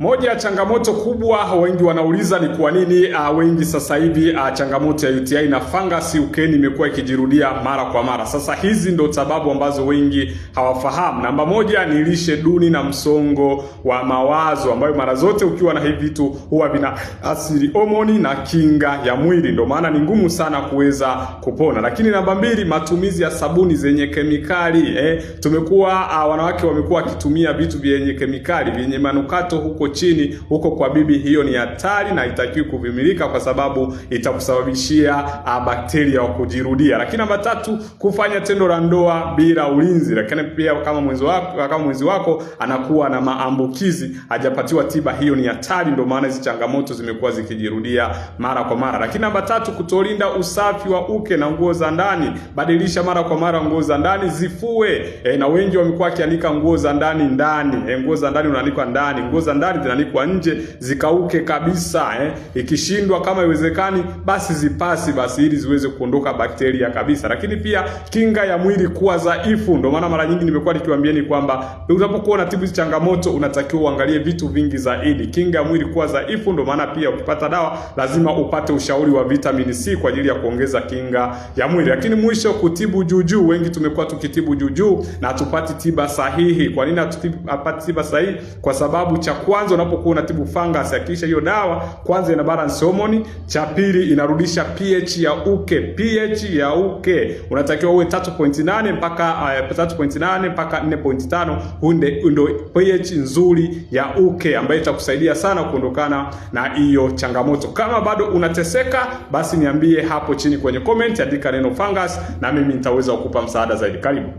Moja ya changamoto kubwa wengi wanauliza ni kwa nini uh, wengi sasa hivi uh, changamoto ya UTI na fangasi ukeni imekuwa ikijirudia mara kwa mara. Sasa hizi ndo sababu ambazo wengi hawafahamu. Namba moja ni lishe duni na msongo wa mawazo, ambayo mara zote ukiwa na hivi vitu huwa vina asili homoni na kinga ya mwili, ndo maana ni ngumu sana kuweza kupona. Lakini namba mbili, matumizi ya sabuni zenye kemikali eh, tumekuwa uh, wanawake wamekuwa wakitumia vitu vyenye kemikali vyenye manukato huko chini huko kwa bibi, hiyo ni hatari na haitakiwi kuvimilika, kwa sababu itakusababishia ah, bakteria wa kujirudia. Lakini namba tatu, kufanya tendo la ndoa bila ulinzi. Lakini pia kama mwenzi wako, kama mwenzi wako anakuwa na maambukizi hajapatiwa tiba, hiyo ni hatari. Ndio maana hizi changamoto zimekuwa zikijirudia mara kwa mara. Lakini namba tatu, kutolinda usafi wa uke na nguo za ndani. Badilisha mara kwa mara nguo za ndani zifue. E, na wengi wamekuwa wakianika nguo za ndani ndani. E, nguo za ndani unaanikwa ndani, nguo za ndani ndani zinalikwa nje zikauke kabisa eh. Ikishindwa kama iwezekani, basi zipasi basi, ili ziweze kuondoka bakteria kabisa. Lakini pia kinga ya mwili kuwa dhaifu, ndio maana mara nyingi nimekuwa nikiwaambieni kwamba unapokuwa unatibu hizi changamoto unatakiwa uangalie vitu vingi zaidi. Kinga ya mwili kuwa dhaifu, ndio maana pia ukipata dawa lazima upate ushauri wa vitamini C kwa ajili ya kuongeza kinga ya mwili. Lakini mwisho, kutibu juujuu. Wengi tumekuwa tukitibu juujuu na tupati tiba sahihi. Kwa nini hatupati tiba sahihi? Kwa sababu cha kwanza kwanza unapokuwa unatibu fungus, hakikisha hiyo dawa kwanza ina balance hormone. Cha pili inarudisha pH ya uke, pH ya uke unatakiwa uwe 3.8 mpaka uh, eh, 3.8 mpaka 4.5. hunde ndio pH nzuri ya uke ambayo itakusaidia sana kuondokana na hiyo changamoto. Kama bado unateseka, basi niambie hapo chini kwenye comment, andika neno fungus na mimi nitaweza kukupa msaada zaidi. Karibu.